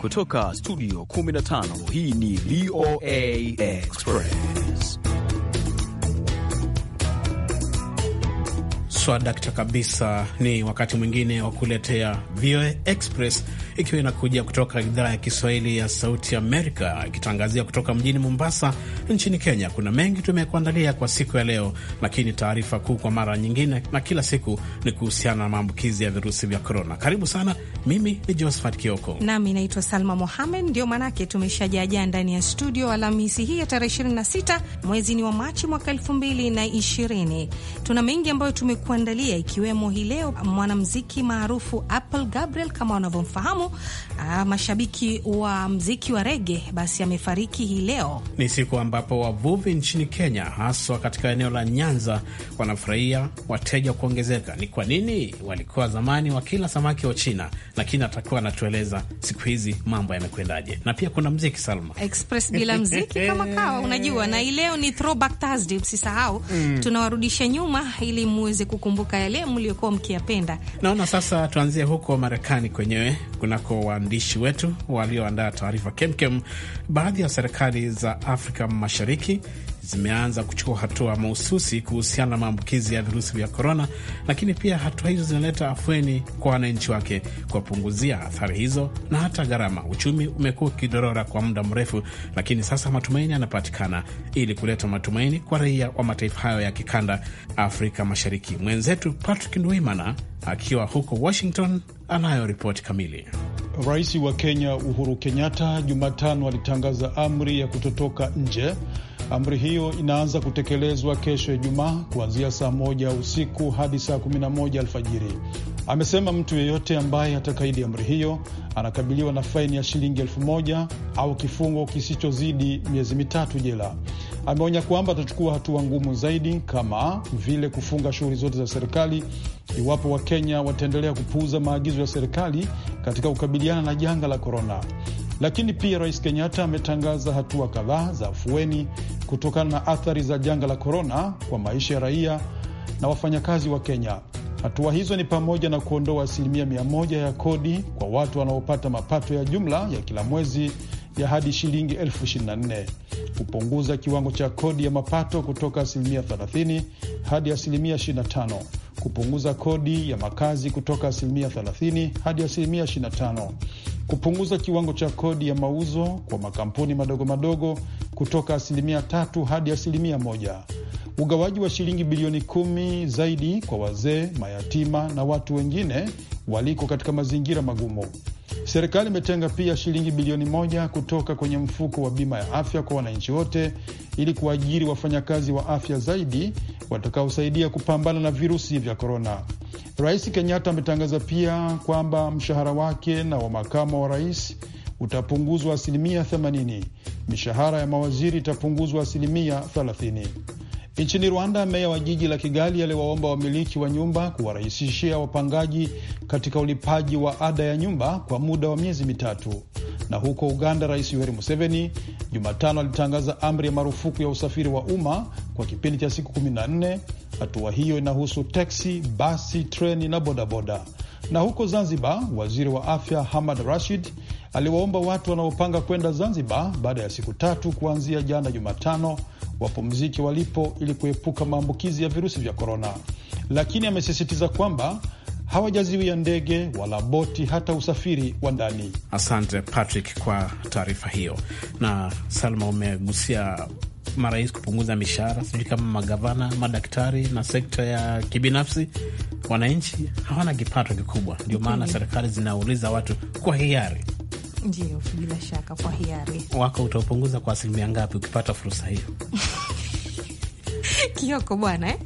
Kutoka studio 15 hii ni VOA Express. Swadakta kabisa, ni wakati mwingine wa kuletea VOA Express ikiwa inakuja kutoka idhaa ya Kiswahili ya Sauti Amerika ikitangazia kutoka mjini Mombasa nchini Kenya. Kuna mengi tumekuandalia kwa siku ya leo, lakini taarifa kuu kwa mara nyingine na kila siku ni kuhusiana na maambukizi ya virusi vya korona. Karibu sana. Mimi ni Josephat Kioko nami naitwa Salma Mohamed. Ndio maanake tumeshajajaa ndani ya studio Alhamisi hii ya tarehe 26 mwezi ni wa Machi mwaka 2020. Tuna mengi ambayo tumekuandalia ikiwemo hii leo mwanamziki maarufu Apple Gabriel kama wanavyomfahamu aa, ah, mashabiki wa mziki wa rege, basi amefariki hii leo. Ni siku ambapo wavuvi nchini Kenya, haswa katika eneo la Nyanza, wanafurahia wateja kuongezeka. Ni kwa nini? Walikuwa zamani wakila samaki wa China, lakini atakuwa anatueleza siku hizi mambo yamekwendaje. Na pia kuna mziki Salma Express, bila mziki kama kawa, unajua na hii leo ni throwback Thursday, msisahau mm. tunawarudisha nyuma ili muweze kukumbuka yale mliokuwa mkiyapenda. Naona sasa tuanzie huko Marekani kwenyewe kuna kwa waandishi wetu walioandaa taarifa kemkem, baadhi ya serikali za Afrika Mashariki zimeanza kuchukua hatua mahususi kuhusiana na maambukizi ya virusi vya korona, lakini pia hatua hizo zinaleta afueni kwa wananchi wake kuwapunguzia athari hizo na hata gharama. Uchumi umekuwa ukidorora kwa muda mrefu, lakini sasa matumaini yanapatikana ili kuleta matumaini kwa raia wa mataifa hayo ya kikanda Afrika Mashariki. Mwenzetu Patrick Ndwimana akiwa huko Washington anayo ripoti kamili. Rais wa Kenya Uhuru Kenyatta Jumatano alitangaza amri ya kutotoka nje. Amri hiyo inaanza kutekelezwa kesho Ijumaa kuanzia saa moja usiku hadi saa kumi na moja alfajiri. Amesema mtu yeyote ambaye hatakaidi amri hiyo anakabiliwa na faini ya shilingi elfu moja au kifungo kisichozidi miezi mitatu jela ameonya kwamba atachukua hatua ngumu zaidi kama vile kufunga shughuli zote za serikali iwapo Wakenya wataendelea kupuuza maagizo ya serikali katika kukabiliana na janga la korona. Lakini pia Rais Kenyatta ametangaza hatua kadhaa za afueni kutokana na athari za janga la korona kwa maisha ya raia na wafanyakazi wa Kenya. Hatua hizo ni pamoja na kuondoa asilimia mia moja ya kodi kwa watu wanaopata mapato ya jumla ya kila mwezi ya hadi shilingi elfu kupunguza kiwango cha kodi ya mapato kutoka asilimia 30 hadi asilimia 25 kupunguza kodi ya makazi kutoka asilimia 30 hadi asilimia 25 kupunguza kiwango cha kodi ya mauzo kwa makampuni madogo madogo kutoka asilimia 3 hadi asilimia 1 ugawaji wa shilingi bilioni kumi zaidi kwa wazee, mayatima na watu wengine waliko katika mazingira magumu. Serikali imetenga pia shilingi bilioni moja kutoka kwenye mfuko wa bima ya afya kwa wananchi wote ili kuajiri wafanyakazi wa afya zaidi watakaosaidia kupambana na virusi vya korona. Rais Kenyatta ametangaza pia kwamba mshahara wake na wa makamo wa rais utapunguzwa asilimia 80. Mishahara ya mawaziri itapunguzwa asilimia 30. Nchini Rwanda, meya wa jiji la Kigali aliwaomba wamiliki wa nyumba kuwarahisishia wapangaji katika ulipaji wa ada ya nyumba kwa muda wa miezi mitatu. Na huko Uganda, Rais Yoweri Museveni Jumatano alitangaza amri ya marufuku ya usafiri wa umma kwa kipindi cha siku 14. Hatua hiyo inahusu teksi, basi, treni na bodaboda. Na huko Zanzibar, waziri wa afya Hamad Rashid aliwaomba watu wanaopanga kwenda Zanzibar baada ya siku tatu kuanzia jana Jumatano wapumzike walipo ili kuepuka maambukizi ya virusi vya korona, lakini amesisitiza kwamba hawajaziwia ndege wala boti hata usafiri wa ndani. Asante Patrick kwa taarifa hiyo. Na Salma, umegusia marais kupunguza mishahara, sijui kama magavana, madaktari na sekta ya kibinafsi. Wananchi hawana kipato kikubwa, ndio maana mm-hmm. serikali zinauliza watu kwa hiari ndio, bila shaka, kwa hiari wako utaupunguza kwa asilimia ngapi ukipata fursa hiyo? Kioko bwana eh?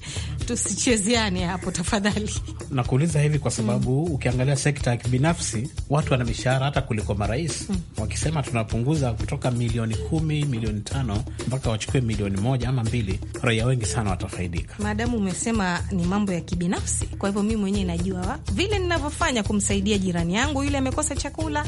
Tusichezeane hapo tafadhali. Nakuuliza hivi kwa mm. sababu mm. ukiangalia sekta ya kibinafsi watu wana mishahara hata kuliko marais mm. wakisema tunapunguza kutoka milioni kumi, milioni tano mpaka wachukue milioni moja ama mbili, raia wengi sana watafaidika. Maadamu umesema ni mambo ya kibinafsi, kwa hivyo mi mwenyewe najua vile ninavyofanya kumsaidia jirani yangu yule amekosa chakula,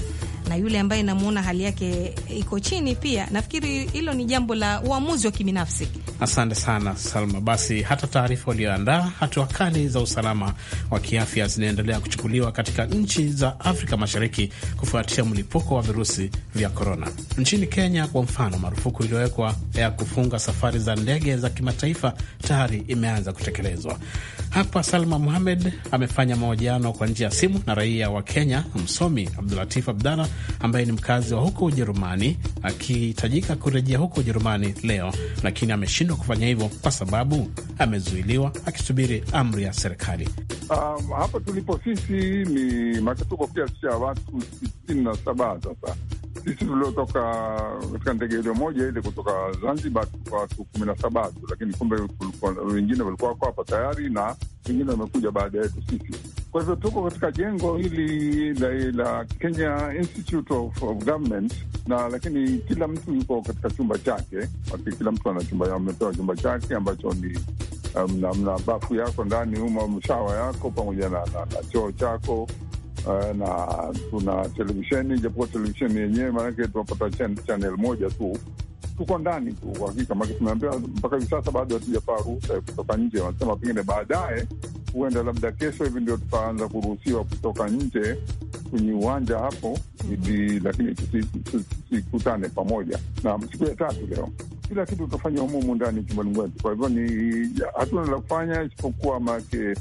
na yule ambaye namuona hali yake iko chini pia. Nafikiri hilo ni jambo la uamuzi wa kibinafsi. Asante sana Salma. Basi hata taarifa walioandaa, hatua kali za usalama wa kiafya zinaendelea kuchukuliwa katika nchi za Afrika Mashariki kufuatia mlipuko wa virusi vya korona. Nchini Kenya kwa mfano, marufuku iliyowekwa ya kufunga safari za ndege za kimataifa tayari imeanza kutekelezwa. Hapa Salma Muhamed amefanya mahojiano kwa njia ya simu na raia wa Kenya, msomi Abdulatif Abdalla ambaye ni mkazi wa huko Ujerumani, akihitajika kurejea huko Ujerumani leo, lakini ameshindwa kufanya hivyo kwa sababu amezuiliwa akisubiri amri ya serikali. Um, hapa tulipo sisi ni makatuko kiasi cha watu sitini na saba sasa sisi tuliotoka katika ndege ile moja ile kutoka Zanzibar kwa watu kumi na saba tu, lakini kumbe wengine walikuwa wako hapa tayari na wengine wamekuja baada yetu sisi. Kwa hivyo tuko katika jengo hili la, la Kenya Institute of, of Government na lakini kila mtu yuko katika chumba chake. Kila mtu ana chumba, amepewa chumba chake ambacho ni um, mna um, bafu yako ndani uma mshawa yako pamoja na, na, na choo chako uh, na tuna televisheni, japokuwa televisheni yenyewe maanake tunapata channel moja tu tuko ndani tu. uhakika, maake tumeambiwa mpaka hivi sasa bado hatujapaa ruhusa ya kutoka nje, wanasema pengine baadaye huenda labda kesho hivi ndio tutaanza kuruhusiwa kutoka nje kwenye uwanja hapo hivi, lakini tusikutane pamoja. Na siku ya tatu leo, kila kitu tutafanya humuhumu ndani chumbani kwa hivyo ni hatuna la kufanya isipokuwa make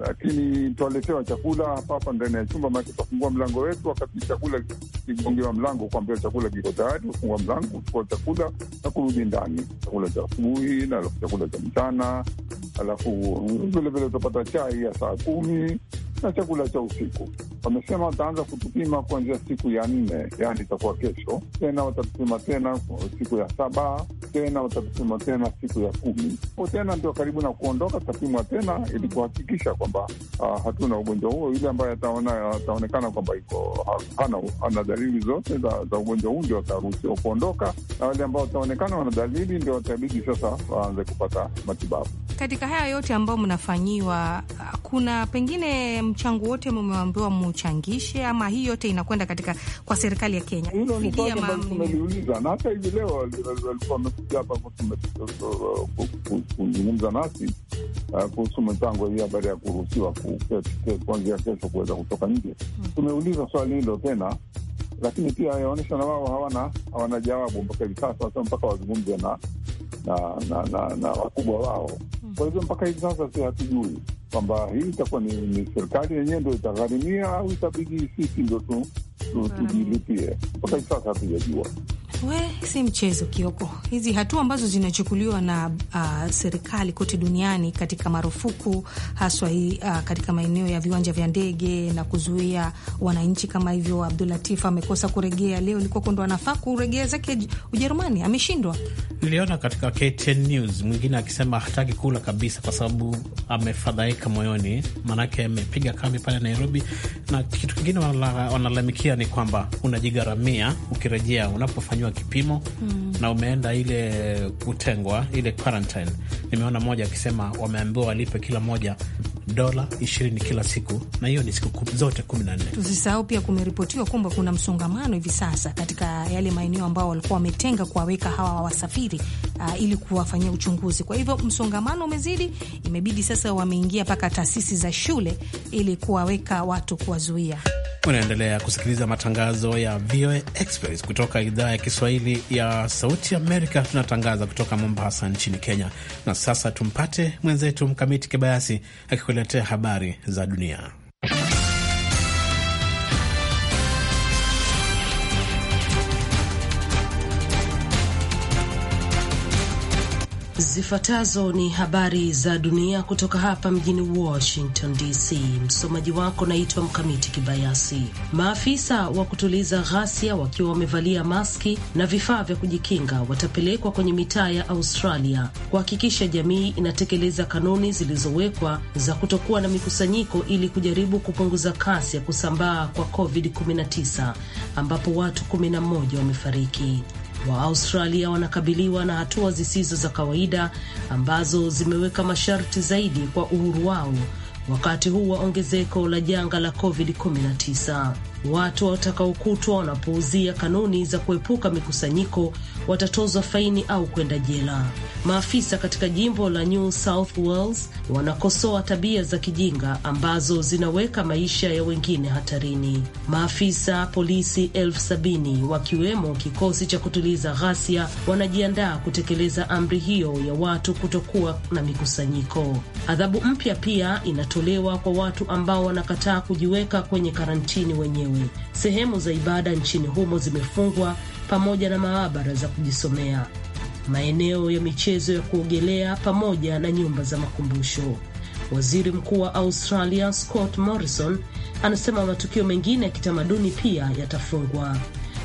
lakini twaletewa chakula hapa hapa ndani ya chumba, make tutafungua mlango wetu. Wakati chakula kigongewa mlango, kuambia chakula kiko tayari, kufungua mlango, kuchukua chakula na kurudi ndani, chakula cha asubuhi na chakula cha mchana alafu vilevile utapata chai ya saa kumi na chakula cha usiku. Wamesema wataanza kutupima kuanzia siku ya nne, yaani itakuwa kesho. Tena watatupima tena siku ya saba tena watapimwa tena siku ya kumi o tena ndio karibu na kuondoka, tutapimwa tena ili kuhakikisha kwamba uh, hatuna ugonjwa huo. Yule ambaye ataonekana kwamba iko hana, hana dalili zote za, za ugonjwa huu ndio wataruhusiwa kuondoka, na wale ambao wataonekana wana dalili ndio watabidi sasa waanze kupata matibabu. Katika haya yote ambayo mnafanyiwa, kuna pengine mchango wote mmeambiwa muchangishe, ama hii yote inakwenda katika kwa serikali ya Kenya? Hilo ni swali ambalo tumeliuliza na hata hivi leo walikuwa hapa kuzungumza nasi eh, kuhusu mipango hii habari ya kuruhusiwa kuanzia kesho kuweza kutoka nje. Mm. Tumeuliza swali hilo tena, lakini pia yaonyesha na wao hawana hawana jawabu mpaka hivi sasa, sa mpaka wazungumze na na wakubwa wao. Mm. Kwa hivyo mpaka hivi sasa si hatujui kwamba hii itakuwa ni, ni serikali yenyewe ndo itagharimia au itabidi sisi ndo mm. tujilipie. Mpaka hivi sasa hatujajua. We si mchezo Kioko, hizi hatua ambazo zinachukuliwa na uh, serikali kote duniani katika marufuku haswa hii uh, katika maeneo ya viwanja vya ndege na kuzuia wananchi kama hivyo. Abdulatif amekosa kuregea leo, ilikuwa ndo anafaa kuregea zake Ujerumani, ameshindwa. Niliona katika KTN News mwingine akisema hataki kula kabisa kwa sababu amefadhaika moyoni, maanake amepiga kambi pale Nairobi. Na kitu kingine wanalalamikia ni kwamba unajigharamia ukirejea unapofanyiwa umefanyiwa kipimo mm. na umeenda ile kutengwa ile quarantine. Nimeona moja akisema wameambiwa walipe kila moja dola ishirini kila siku, na hiyo ni siku zote kumi na nne. Tusisahau pia kumeripotiwa kwamba kuna msongamano hivi sasa katika yale maeneo ambao walikuwa wametenga kuwaweka hawa wasafiri uh, ili kuwafanyia uchunguzi. Kwa hivyo msongamano umezidi, imebidi sasa wameingia mpaka taasisi za shule ili kuwaweka watu, kuwazuia. Unaendelea kusikiliza matangazo ya VOA Express kutoka idhaa ya Kiswahili ya Sauti Amerika. Tunatangaza kutoka Mombasa nchini Kenya, na sasa tumpate mwenzetu Mkamiti Kibayasi akikuletea habari za dunia. Zifuatazo ni habari za dunia kutoka hapa mjini Washington DC. Msomaji wako naitwa Mkamiti Kibayasi. Maafisa wa kutuliza ghasia wakiwa wamevalia maski na vifaa vya kujikinga watapelekwa kwenye mitaa ya Australia kuhakikisha jamii inatekeleza kanuni zilizowekwa za kutokuwa na mikusanyiko ili kujaribu kupunguza kasi ya kusambaa kwa COVID-19 ambapo watu 11 wamefariki. Waaustralia wanakabiliwa na hatua zisizo za kawaida ambazo zimeweka masharti zaidi kwa uhuru wao wakati huu wa ongezeko la janga la COVID-19. Watu watakaokutwa wanapouzia kanuni za kuepuka mikusanyiko watatozwa faini au kwenda jela. Maafisa katika jimbo la New South Wales wanakosoa tabia za kijinga ambazo zinaweka maisha ya wengine hatarini. Maafisa polisi elfu sabini wakiwemo kikosi cha kutuliza ghasia wanajiandaa kutekeleza amri hiyo ya watu kutokuwa na mikusanyiko. Adhabu mpya pia inatolewa kwa watu ambao wanakataa kujiweka kwenye karantini wenyewe. Sehemu za ibada nchini humo zimefungwa pamoja na maabara za kujisomea, maeneo ya michezo ya kuogelea pamoja na nyumba za makumbusho. Waziri Mkuu wa Australia Scott Morrison anasema matukio mengine ya kitamaduni pia yatafungwa.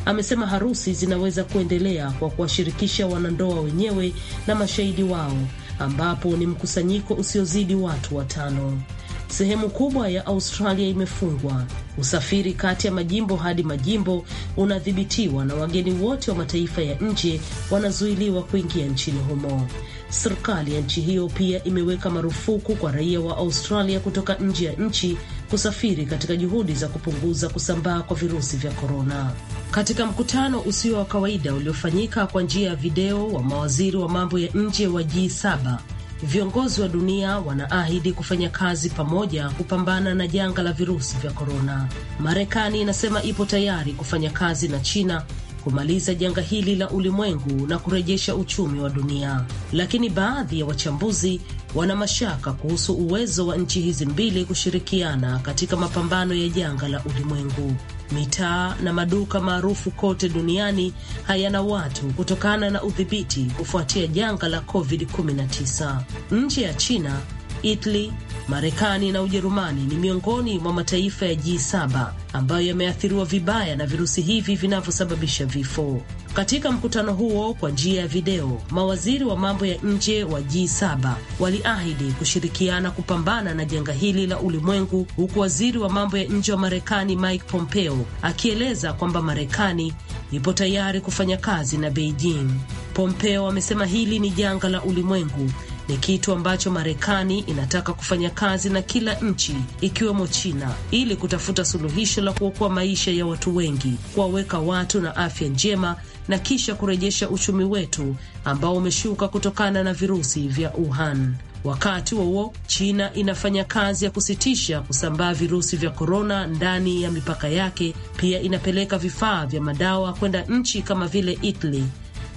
Amesema harusi zinaweza kuendelea kwa kuwashirikisha wanandoa wenyewe na mashahidi wao, ambapo ni mkusanyiko usiozidi watu watano. Sehemu kubwa ya Australia imefungwa. Usafiri kati ya majimbo hadi majimbo unadhibitiwa na wageni wote wa mataifa ya nje wanazuiliwa kuingia nchini humo. Serikali ya nchi hiyo pia imeweka marufuku kwa raia wa Australia kutoka nje ya nchi kusafiri katika juhudi za kupunguza kusambaa kwa virusi vya korona. Katika mkutano usio wa kawaida uliofanyika kwa njia ya video wa mawaziri wa mambo ya nje wa G7 Viongozi wa dunia wanaahidi kufanya kazi pamoja kupambana na janga la virusi vya korona. Marekani inasema ipo tayari kufanya kazi na China kumaliza janga hili la ulimwengu na kurejesha uchumi wa dunia, lakini baadhi ya wachambuzi wana mashaka kuhusu uwezo wa nchi hizi mbili kushirikiana katika mapambano ya janga la ulimwengu. Mitaa na maduka maarufu kote duniani hayana watu kutokana na udhibiti kufuatia janga la COVID-19. Nchi ya China, Italy, Marekani na Ujerumani ni miongoni mwa mataifa ya G7 ambayo yameathiriwa vibaya na virusi hivi vinavyosababisha vifo. Katika mkutano huo kwa njia ya video, mawaziri wa mambo ya nje wa G7 waliahidi kushirikiana kupambana na janga hili la ulimwengu, huku waziri wa mambo ya nje wa Marekani Mike Pompeo akieleza kwamba Marekani ipo tayari kufanya kazi na Beijing. Pompeo amesema hili ni janga la ulimwengu ni kitu ambacho Marekani inataka kufanya kazi na kila nchi ikiwemo China ili kutafuta suluhisho la kuokoa maisha ya watu wengi, kuwaweka watu na afya njema na kisha kurejesha uchumi wetu ambao umeshuka kutokana na virusi vya Wuhan. Wakati huo China inafanya kazi ya kusitisha kusambaa virusi vya korona ndani ya mipaka yake. Pia inapeleka vifaa vya madawa kwenda nchi kama vile Italy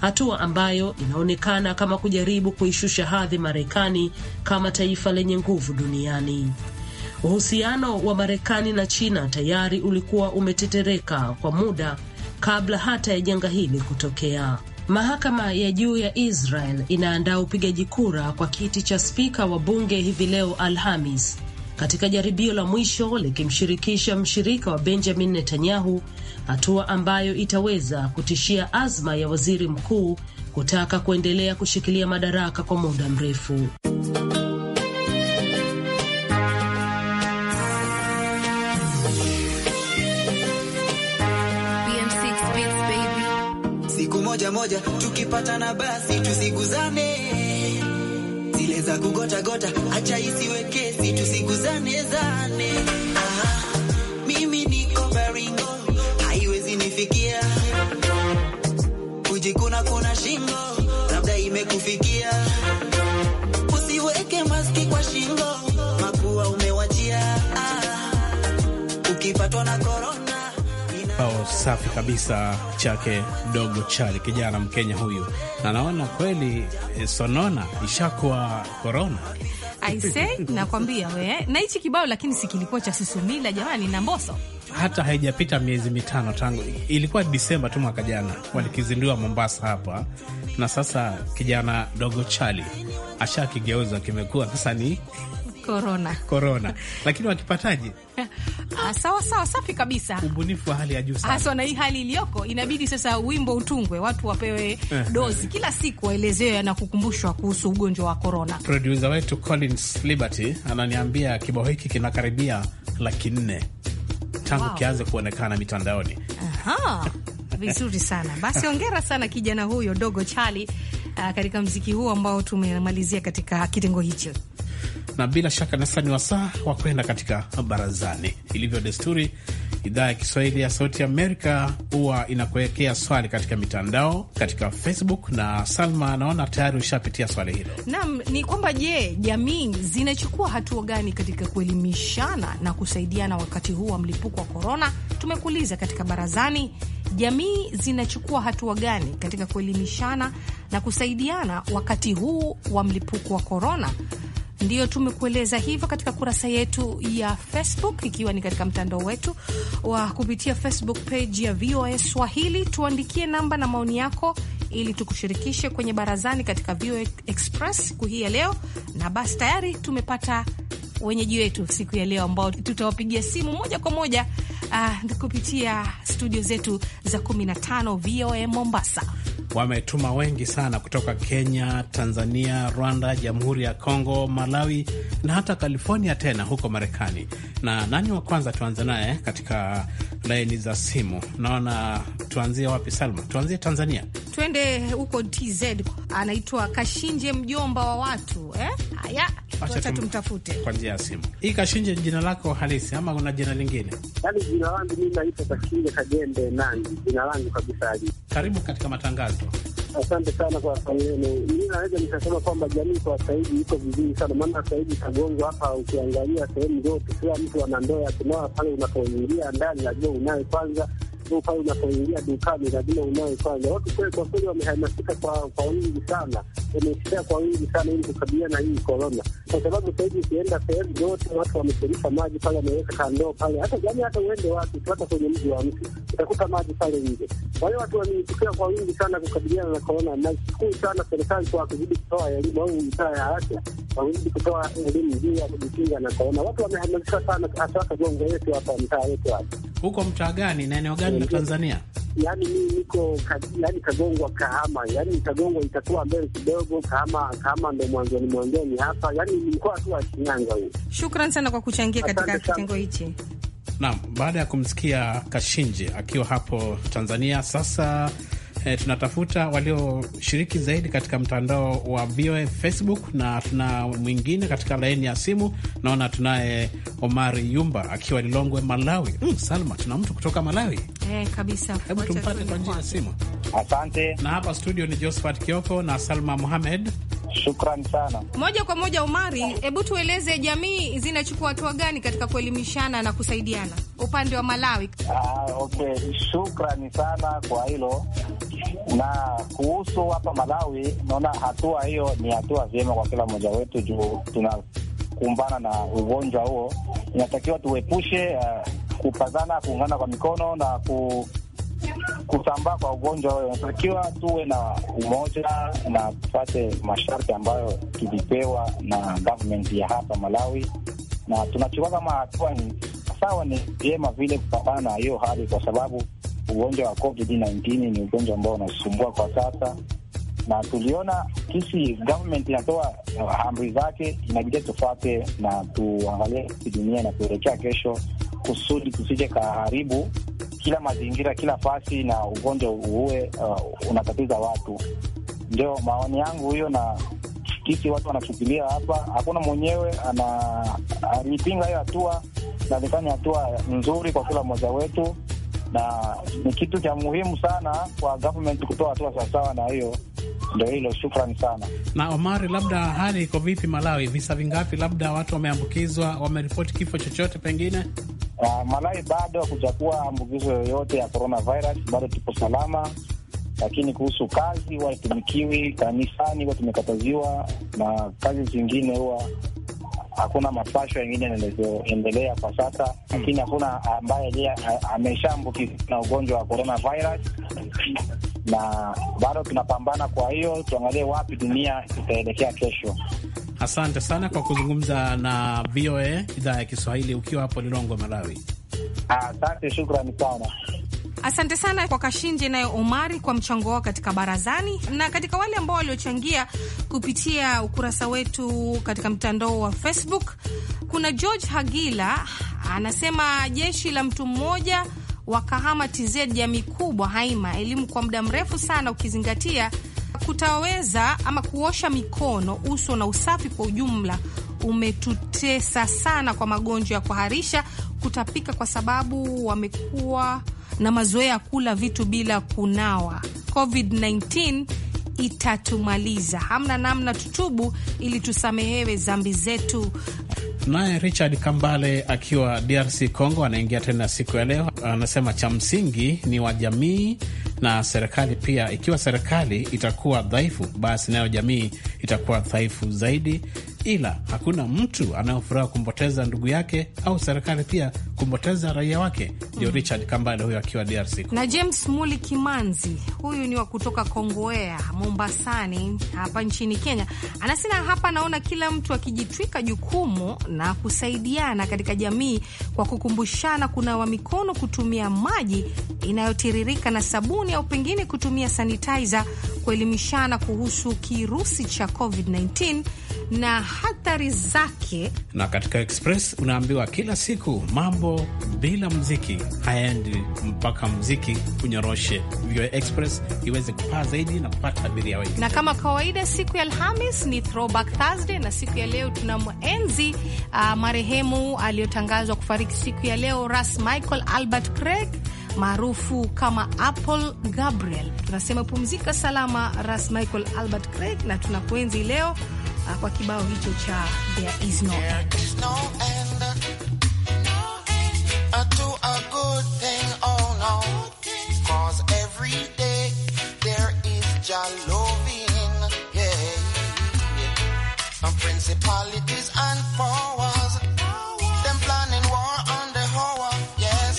hatua ambayo inaonekana kama kujaribu kuishusha hadhi Marekani kama taifa lenye nguvu duniani. Uhusiano wa Marekani na China tayari ulikuwa umetetereka kwa muda kabla hata ya janga hili kutokea. Mahakama ya juu ya Israel inaandaa upigaji kura kwa kiti cha spika wa bunge hivi leo Alhamis, katika jaribio la mwisho likimshirikisha mshirika wa Benjamin Netanyahu, hatua ambayo itaweza kutishia azma ya waziri mkuu kutaka kuendelea kushikilia madaraka kwa muda mrefu. Siku moja moja tukipatana basi tusiguzane tunaweza kugotagota, acha isiwe kesi, tusiguzane zane safi kabisa chake dogo Chali, kijana Mkenya huyu, na naona kweli eh, sonona ishakuwa korona aise, nakwambia we na hichi kibao, lakini si kilikuwa cha Susumila jamani na Mboso hata haijapita miezi mitano tangu ilikuwa Disemba tu mwaka jana walikizindua Mombasa hapa, na sasa kijana dogo Chali ashakigeuza kimekuwa sasa ni Corona. Corona. Lakini wakipataje? Ah, sawa sawa, safi kabisa. Ubunifu wa hali ya juu sana. Ah, na hii hali iliyoko inabidi sasa wimbo utungwe, watu wapewe dozi kila siku, waelezewe na kukumbushwa kuhusu ugonjwa wa corona. Producer wetu Collins Liberty ananiambia kibao hiki kinakaribia laki nne tangu wow, kianze kuonekana mitandaoni. Aha. Vizuri sana basi, ongera sana kijana huyo Dogo Chali, uh, ah, katika mziki huu ambao tumemalizia katika kitengo hicho na bila shaka nasa ni wasaa wa kwenda katika barazani. Ilivyo desturi, idhaa ya Kiswahili ya Sauti Amerika huwa inakuwekea swali katika mitandao, katika Facebook na Salma, naona tayari ushapitia swali hilo. Naam, ni kwamba je, jamii zinachukua hatua gani katika kuelimishana na kusaidiana wakati huu wa mlipuko wa korona? Tumekuuliza katika barazani, jamii zinachukua hatua gani katika kuelimishana na kusaidiana wakati huu wa mlipuko wa korona? Ndiyo tumekueleza hivyo katika kurasa yetu ya Facebook, ikiwa ni katika mtandao wetu wa kupitia Facebook page ya VOA Swahili. Tuandikie namba na maoni yako ili tukushirikishe kwenye barazani katika VOA Express siku hii ya leo. Na basi tayari tumepata wenyeji wetu siku ya leo ambao tutawapigia simu moja kwa moja uh, kupitia studio zetu za 15 VOA Mombasa wametuma wengi sana kutoka Kenya, Tanzania, Rwanda, Jamhuri ya Kongo, Malawi na hata California, tena huko Marekani. Na nani wa kwanza tuanze naye katika laini za simu? Naona tuanzie wapi, Salma? Tuanzie Tanzania, tuende huko TZ. Anaitwa Kashinje, mjomba wa watu eh? Haya, acha tumtafute kwa njia ya simu. Hii Kashinje, jina lako halisi ama una jina lingine? Yani jina langu mi naitwa Kashinje Kajembe nani jina langu kabisa. Karibu katika matangazo. Asante sana kwa swali lenu. Mimi naweza nikasema kwamba jamii kwa sasa hivi iko vizuri sana, maana sasa hivi Kagongwa hapa ukiangalia sehemu zote, kila mtu ana ndoo ya kunawa pale unapoingia ndani, najua unaye kwanza duka au unapoingia dukani lazima unawe kwanza. Watu kweli kwa kweli wamehamasika kwa wingi sana, wamesikia kwa wingi sana ili kukabiliana na hii korona, kwa sababu sahizi ukienda sehemu zote watu wamecherisha maji pale, wameweka kandoo pale, hata jani, hata uende wapi, hata kwenye mji wa mtu utakuta maji pale nje. Kwa hiyo watu wameitikia kwa wingi sana kukabiliana na korona, na shukuru sana serikali kwa kuzidi kutoa elimu au wizara ya afya wazidi kutoa elimu juu ya kujikinga na korona. Watu wamehamasika sana, hasa hasa yetu hapa, mtaa wetu hapa. Huko mtaa gani na eneo gani? na Tanzania? Yani mimi niko yani Kagongwa, Kahama, yani Kagongwa itakuwa mbele kidogo, Kahama Kahama ndo mwanzoni mwanzoni hapa, yani ni mkoa tu wa Shinyanga huu. Shukran sana kwa kuchangia katika kitengo hichi. Naam, baada ya kumsikia Kashinje akiwa hapo Tanzania, sasa e, tunatafuta walioshiriki zaidi katika mtandao wa VOA Facebook, na tuna mwingine katika laini ya simu. Naona tunaye Omari Yumba akiwa Lilongwe, Malawi. Mm, Salma, tuna mtu kutoka Malawi e, kabisa. Hebu tumpate kwa njia ya simu. Asante. Na hapa studio ni Josephat Kioko na Salma muhamed Shukrani sana. Moja kwa moja, Omari, hebu tueleze jamii zinachukua hatua gani katika kuelimishana na kusaidiana upande wa Malawi? Ah, okay. Shukrani sana kwa hilo. Na kuhusu hapa Malawi, naona hatua hiyo ni hatua vyema kwa kila mmoja wetu, juu tunakumbana na ugonjwa huo. Inatakiwa tuepushe uh, kupazana, kuungana kwa mikono na ku kusambaa kwa ugonjwa huyo. Inatakiwa tuwe na umoja na tupate masharti ambayo tulipewa na government ya hapa Malawi, na tunachukua kama hatua sawa, ni vyema vile kupambana na hiyo hali, kwa sababu ugonjwa wa COVID-19 ni ugonjwa ambao unasumbua kwa sasa, na tuliona kisi government inatoa uh, amri zake, inabidi tufate na tuangalie kisi dunia kuelekea kesho, kusudi tusije kaharibu kila mazingira, kila fasi, na ugonjwa uwe uh, unatatiza watu. Ndio maoni yangu hiyo, na kisi watu wanachukulia hapa, hakuna mwenyewe anaipinga hiyo hatua. Nadhani hatua nzuri kwa kila mmoja wetu na ni kitu cha muhimu sana kwa government kutoa hatua sawasawa na hiyo. Ndio hilo, shukrani sana. Na Omari, labda hali iko vipi Malawi? Visa vingapi labda watu wameambukizwa, wameripoti kifo chochote pengine? Uh, Malawi bado hakujakuwa ambukizo yoyote ya coronavirus, bado tupo salama, lakini kuhusu kazi huwa hatumikiwi kanisani, huwa tumekataziwa na kazi zingine huwa hakuna mapasho yengine yanayoendelea kwa sasa, lakini hakuna ambaye ameshaambukizwa na ugonjwa wa coronavirus na bado tunapambana. Kwa hiyo tuangalie wapi dunia itaelekea kesho. Asante sana kwa kuzungumza na VOA idhaa ya Kiswahili ukiwa hapo Lilongwe, Malawi. Asante, shukrani sana. Asante sana kwa Kashinje nayo Omari kwa mchango wao katika barazani, na katika wale ambao waliochangia kupitia ukurasa wetu katika mtandao wa Facebook, kuna George Hagila anasema jeshi la mtu mmoja wa Kahama TZ, jamii kubwa haima elimu kwa muda mrefu sana, ukizingatia kutaweza ama kuosha mikono, uso na usafi kwa ujumla umetutesa sana kwa magonjwa ya kuharisha, kutapika, kwa sababu wamekuwa na mazoea ya kula vitu bila kunawa. COVID-19 itatumaliza, hamna namna, tutubu ili tusamehewe dhambi zetu. Naye Richard Kambale akiwa DRC Congo anaingia tena siku ya leo, anasema cha msingi ni wa jamii na serikali pia. Ikiwa serikali itakuwa dhaifu, basi nayo jamii itakuwa dhaifu zaidi, ila hakuna mtu anayofuraha kumpoteza ndugu yake au serikali pia kumpoteza raia wake. Ndio mm. Richard Kambale huyo akiwa DRC. Na James Muli Kimanzi huyu ni wa kutoka Kongowea Mombasani hapa nchini Kenya, anasema hapa naona kila mtu akijitwika jukumu na kusaidiana katika jamii kwa kukumbushana kunawa mikono, kutumia maji inayotiririka na sabuni, au pengine kutumia sanitizer, kuelimishana kuhusu kirusi cha COVID-19 na hatari zake. Na katika Express unaambiwa kila siku mambo bila mziki hayaendi, mpaka mziki unyoroshe vyo Express iweze kupaa zaidi na kupata abiria wengi. Na kama kawaida, siku ya Alhamis ni Throwback Thursday, na siku ya leo tuna mwenzi uh, marehemu aliyotangazwa kufariki siku ya leo Ras Michael Albert Craig maarufu kama Apple Gabriel. Tunasema pumzika salama Ras Michael Albert Craig, na tunakuenzi leo Ah, kwa kibao hicho cha There is no end. To a good thing, oh no. every day there is jalooving, yeah. And principalities and powers, them planning war on the hour, yes.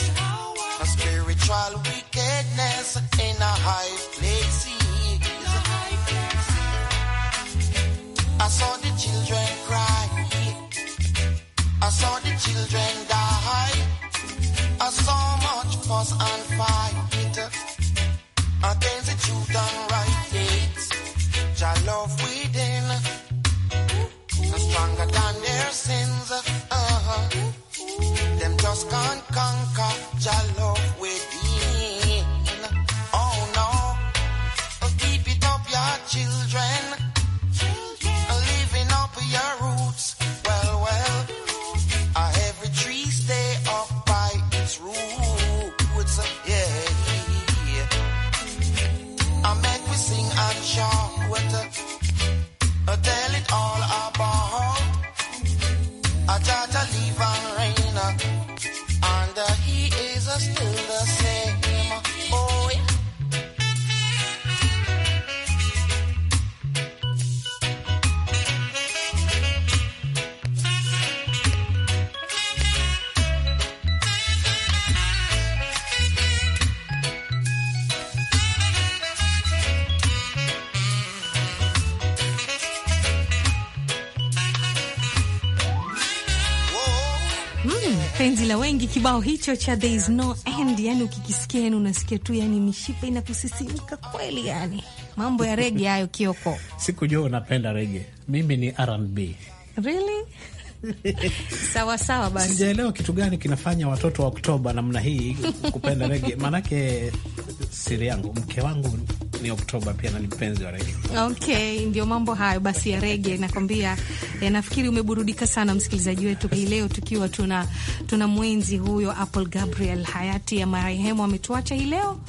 A spiritual wickedness in a high saw the children cry. I saw the children die. I saw much fuss and fight against the truth and right. Your love within, so stronger than their sins. Uh-huh. Them just can't conquer your love within. ila wengi kibao hicho cha there is no end, yani ukikisikia, yani unasikia tu, yani mishipa inakusisimka kweli, yani mambo ya rege hayo. Kioko, sikujua unapenda rege, mimi ni R&B. Really? Sawa sawa, basi sijaelewa kitu gani kinafanya watoto wa Oktoba namna hii kupenda rege, maanake siri yangu, mke wangu ni Oktoba pia na ni mpenzi wa rege. Okay, ndio mambo hayo basi ya rege nakwambia. Eh, nafikiri umeburudika sana msikilizaji wetu hii leo, tukiwa tuna, tuna mwenzi huyo Apple Gabriel hayati ya marehemu ametuacha hii leo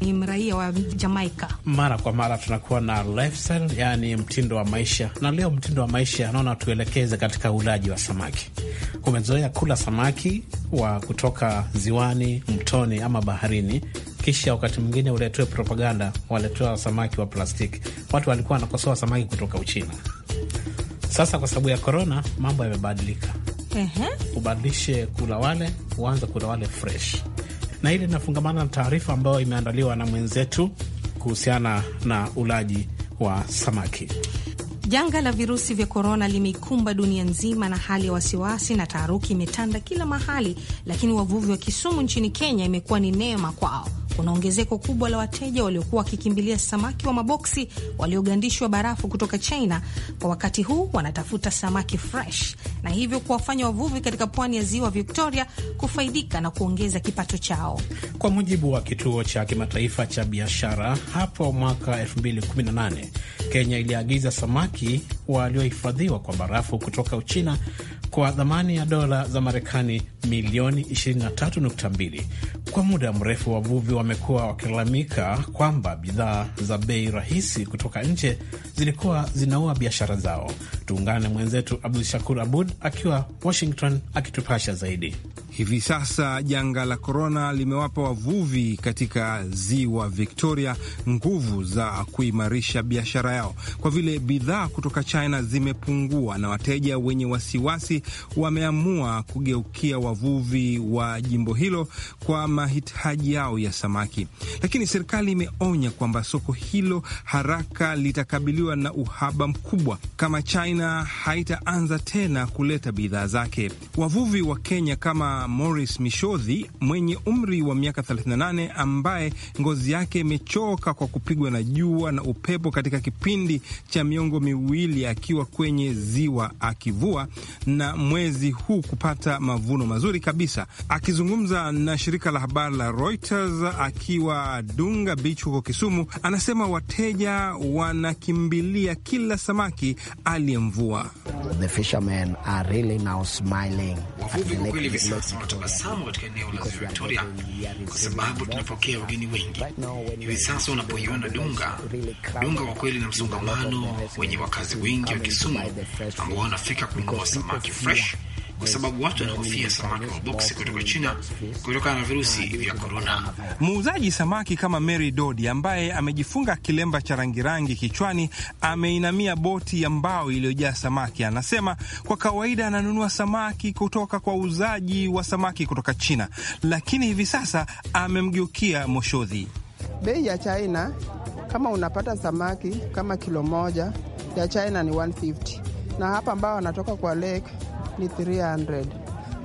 ni mraia wa Jamaika. Mara kwa mara tunakuwa na lifestyle, yani mtindo wa maisha, na leo mtindo wa maisha naona tuelekeze katika ulaji wa samaki. Umezoea kula samaki wa kutoka ziwani, mtoni ama baharini, kisha wakati mwingine uletewe propaganda, waletewa samaki wa plastiki. Watu walikuwa wanakosoa samaki kutoka Uchina. Sasa kwa sababu ya korona, mambo yamebadilika. Uh-huh. Ubadilishe kula wale, uanze kula wale fresh, na hili linafungamana na taarifa ambayo imeandaliwa na mwenzetu kuhusiana na ulaji wa samaki. Janga la virusi vya korona limeikumba dunia nzima na hali ya wasiwasi na taharuki imetanda kila mahali, lakini wavuvi wa Kisumu nchini Kenya imekuwa ni neema kwao kuna ongezeko kubwa la wateja waliokuwa wakikimbilia samaki wa maboksi waliogandishwa barafu kutoka China. Kwa wakati huu wanatafuta samaki fresh, na hivyo kuwafanya wavuvi katika pwani ya ziwa Victoria kufaidika na kuongeza kipato chao. Kwa mujibu wa kituo cha kimataifa cha biashara, hapo mwaka 2018 Kenya iliagiza samaki waliohifadhiwa kwa barafu kutoka Uchina kwa thamani ya dola za Marekani milioni 23.2 kwa muda mrefu wavuvi wamekuwa wakilalamika kwamba bidhaa za bei rahisi kutoka nje zilikuwa zinaua biashara zao, Tuungane na mwenzetu Abdu Shakur Abud akiwa Washington akitupasha zaidi. Hivi sasa janga la korona limewapa wavuvi katika ziwa Victoria nguvu za kuimarisha biashara yao kwa vile bidhaa kutoka China zimepungua na wateja wenye wasiwasi wameamua kugeukia wavuvi wa jimbo hilo kwa mahitaji yao ya samaki, lakini serikali imeonya kwamba soko hilo haraka litakabiliwa na uhaba mkubwa kama China China haitaanza tena kuleta bidhaa zake. Wavuvi wa Kenya kama Morris Mishodhi mwenye umri wa miaka 38 ambaye ngozi yake imechoka kwa kupigwa na jua na upepo katika kipindi cha miongo miwili akiwa kwenye ziwa akivua na mwezi huu kupata mavuno mazuri kabisa. Akizungumza na shirika la habari la Reuters akiwa Dunga Beach huko Kisumu, anasema wateja wanakimbilia kila samaki aliye mvua. Wavuvi kwa kweli hivi sasa wanatabasamu katika eneo la ziwa Victoria kwa sababu tunapokea wageni wengi hivi sasa. Unapoiona Dunga, Dunga kwa kweli na msongamano wenye wakazi wengi wa Kisumu ambao wanafika kununua samaki fresh kwa sababu watu wanahofia samaki wa boksi kutoka China kutokana na virusi vya korona. Muuzaji samaki kama Mary Dodi ambaye amejifunga kilemba cha rangirangi kichwani ameinamia boti ya mbao iliyojaa samaki, anasema kwa kawaida ananunua samaki kutoka kwa uuzaji wa samaki kutoka China, lakini hivi sasa amemgeukia Moshodhi. Bei ya China kama unapata samaki kama kilo moja ya China ni 150 na hapa ambao wanatoka kwa lake ni 300.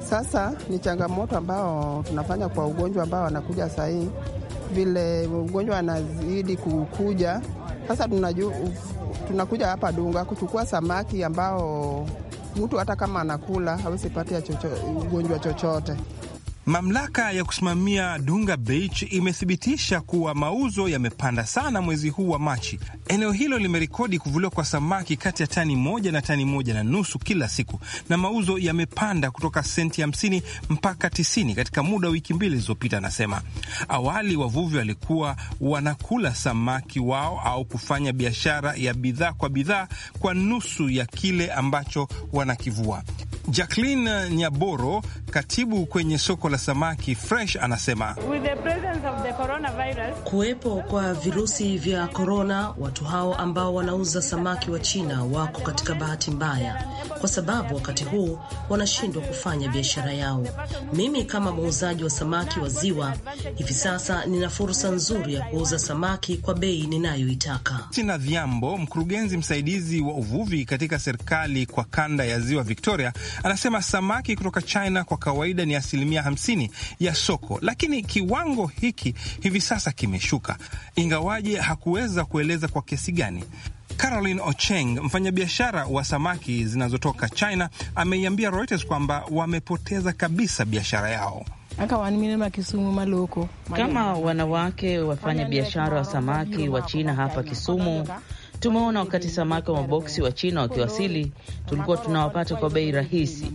Sasa ni changamoto ambao tunafanya kwa ugonjwa ambao anakuja saa hii, vile ugonjwa anazidi kukuja sasa, tunaju, tunakuja hapa Dunga kuchukua samaki ambao mtu hata kama anakula hawezi patia chocho, ugonjwa chochote. Mamlaka ya kusimamia Dunga Beach imethibitisha kuwa mauzo yamepanda sana mwezi huu wa Machi. Eneo hilo limerekodi kuvuliwa kwa samaki kati ya tani moja na tani moja na nusu kila siku, na mauzo yamepanda kutoka senti 50 mpaka 90 katika muda wa wiki mbili zilizopita, anasema. Awali wavuvi walikuwa wanakula samaki wao au kufanya biashara ya bidhaa kwa bidhaa kwa nusu ya kile ambacho wanakivua. Jacqueline Nyaboro, katibu kwenye soko la samaki fresh anasema kuwepo kwa virusi vya korona, watu hao ambao wanauza samaki wa China wako katika bahati mbaya, kwa sababu wakati huu wanashindwa kufanya biashara yao. Mimi kama muuzaji wa samaki wa ziwa hivi sasa nina fursa nzuri ya kuuza samaki kwa bei ninayoitaka. Tina Dhiambo, mkurugenzi msaidizi wa uvuvi katika serikali kwa kanda ya ziwa Victoria, anasema samaki kutoka China kwa kawaida ni asilimia hamsini ya soko, lakini kiwango hiki hivi sasa kimeshuka, ingawaje hakuweza kueleza kwa kiasi gani. Caroline Ocheng, mfanyabiashara wa samaki zinazotoka China, ameiambia Reuters kwamba wamepoteza kabisa biashara yao. Kama wanawake wafanya biashara wa samaki wa China hapa Kisumu Tumeona wakati samaki wa maboksi wa China wakiwasili, tulikuwa tunawapata kwa bei rahisi,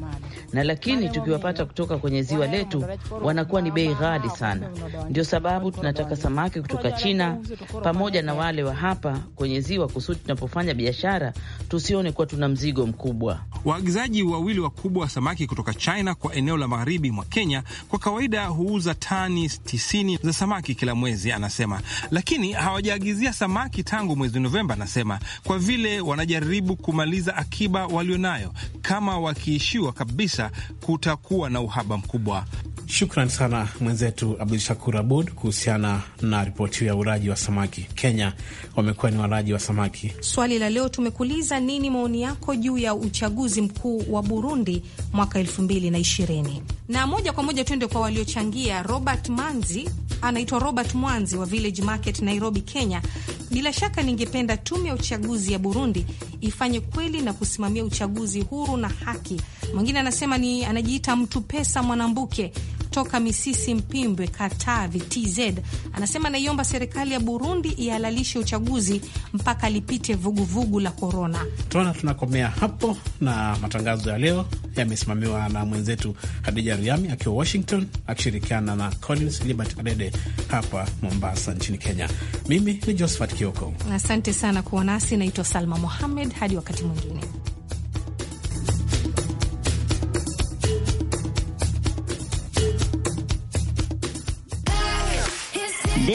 na lakini tukiwapata kutoka kwenye ziwa letu wanakuwa ni bei ghali sana. Ndio sababu tunataka samaki kutoka China pamoja na wale wa hapa kwenye ziwa, kusudi tunapofanya biashara tusione kuwa tuna mzigo mkubwa. Waagizaji wawili wakubwa wa samaki kutoka China kwa eneo la magharibi mwa Kenya kwa kawaida huuza tani 90 za samaki kila mwezi, anasema, lakini hawajaagizia samaki tangu mwezi Novemba na anasema kwa vile wanajaribu kumaliza akiba walionayo, kama wakiishiwa kabisa, kutakuwa na uhaba mkubwa. Shukran sana mwenzetu Abdul Shakur Abud kuhusiana na ripoti ya uraji wa samaki. Kenya wamekuwa ni waraji wa samaki. Swali la leo tumekuuliza, nini maoni yako juu ya uchaguzi mkuu wa Burundi mwaka elfu mbili na ishirini na moja kwa moja tuende kwa waliochangia. Robert Manzi anaitwa Robert Mwanzi wa Village Market, Nairobi, Kenya. Bila shaka ningependa tume ya uchaguzi ya Burundi ifanye kweli na kusimamia uchaguzi huru na haki. Mwingine anasema ni anajiita mtu pesa Mwanambuke kutoka Misisi Mpimbwe, Katavi, TZ, anasema anaiomba serikali ya Burundi ihalalishe uchaguzi mpaka lipite vuguvugu vugu la korona. Tunaona tunakomea hapo, na matangazo ya leo yamesimamiwa na mwenzetu Hadija Riami akiwa Washington, akishirikiana na Collins Libert Adede hapa Mombasa nchini Kenya. Mimi ni Josephat Kioko, asante sana kuwa nasi. Naitwa Salma Mohamed, hadi wakati mwingine.